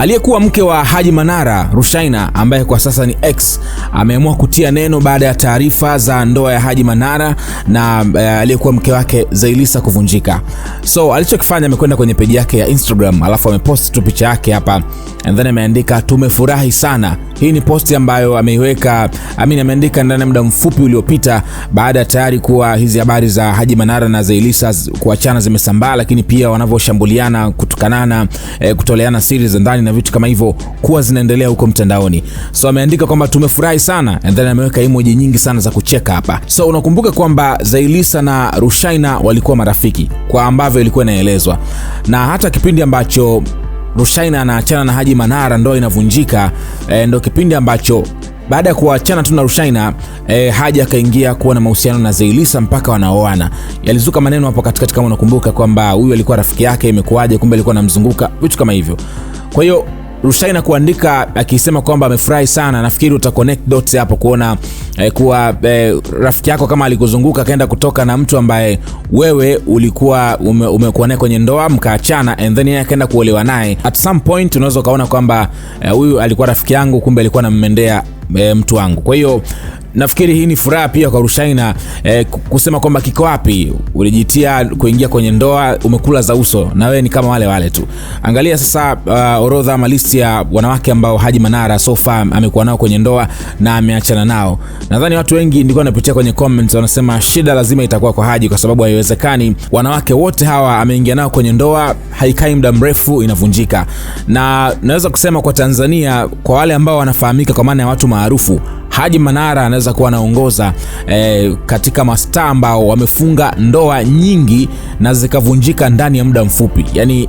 Aliyekuwa mke wa Haji Manara, rushaina ambaye kwa sasa ni ex, ameamua kutia neno baada ya taarifa za ndoa ya Haji Manara na uh, aliyekuwa mke wake Zailisa kuvunjika. So alichokifanya amekwenda kwenye peji yake ya Instagram, alafu amepost tu picha yake hapa, and then ameandika tumefurahi sana hii ni posti ambayo ameiweka Amin, ameandika ndani ya muda mfupi uliopita, baada ya tayari kuwa hizi habari za Haji Manara na Zailisa kuachana zimesambaa, lakini pia wanavyoshambuliana kutukanana, e, kutoleana siri za ndani na vitu kama hivyo kuwa zinaendelea huko mtandaoni. So ameandika kwamba tumefurahi sana, and then ameweka emoji nyingi sana za kucheka hapa. So unakumbuka kwamba Zailisa na Rushaina walikuwa marafiki kwa ambavyo ilikuwa inaelezwa, na hata kipindi ambacho Rushaina anaachana na Haji Manara, ndoa inavunjika. E, ndo kipindi ambacho baada ya kuachana tu na Rushaina e, Haji akaingia kuwa na mahusiano na zeilisa mpaka wanaoana. Yalizuka maneno hapo katikati, kama unakumbuka kwamba huyu alikuwa rafiki yake, imekuwaje? Kumbe alikuwa anamzunguka, vitu kama hivyo. Kwa hiyo Rushaina kuandika akisema kwamba amefurahi sana. Nafikiri uta connect dots hapo kuona eh, kuwa eh, rafiki yako kama alikuzunguka akaenda kutoka na mtu ambaye wewe ulikuwa ume, umekuwa naye kwenye ndoa mkaachana, and then yeye akaenda kuolewa naye. At some point unaweza ukaona kwamba eh, huyu eh, alikuwa rafiki yangu, kumbe alikuwa anammendea eh, mtu wangu. Kwa hiyo nafikiri hii ni furaha pia kwa Rushaina eh, kusema kwamba kiko wapi, ulijitia kuingia kwenye ndoa, umekula za uso na wewe ni kama wale wale tu. Angalia sasa uh, orodha ama listi ya wanawake ambao Haji Manara so far amekuwa nao kwenye ndoa na ameachana nao. Nadhani watu wengi ndiko wanapitia kwenye comments wanasema shida lazima itakuwa kwa Haji kwa sababu haiwezekani wanawake wote hawa ameingia nao kwenye ndoa, haikai muda mrefu inavunjika. Na naweza kusema kwa Tanzania, kwa wale ambao wanafahamika kwa maana ya watu maarufu Haji Manara anaweza kuwa anaongoza eh, katika mastaa ambao wamefunga ndoa nyingi na zikavunjika ndani ya muda mfupi, yani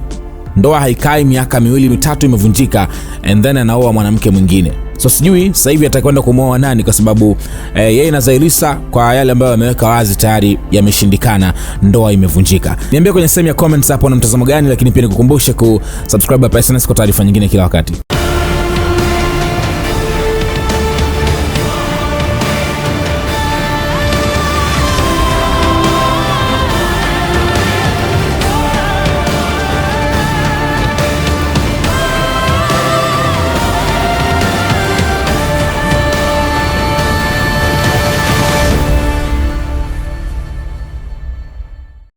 ndoa haikai miaka miwili mitatu imevunjika, and then anaoa mwanamke mwingine. So sijui sasa hivi atakwenda kumwoa nani, kwa sababu eh, yeye na Zailisa kwa yale ambayo ameweka wazi tayari yameshindikana, ndoa imevunjika. Niambie kwenye sehemu ya comments hapo na mtazamo gani, lakini pia nikukumbushe kusubscribe hapa SnS kwa taarifa nyingine kila wakati.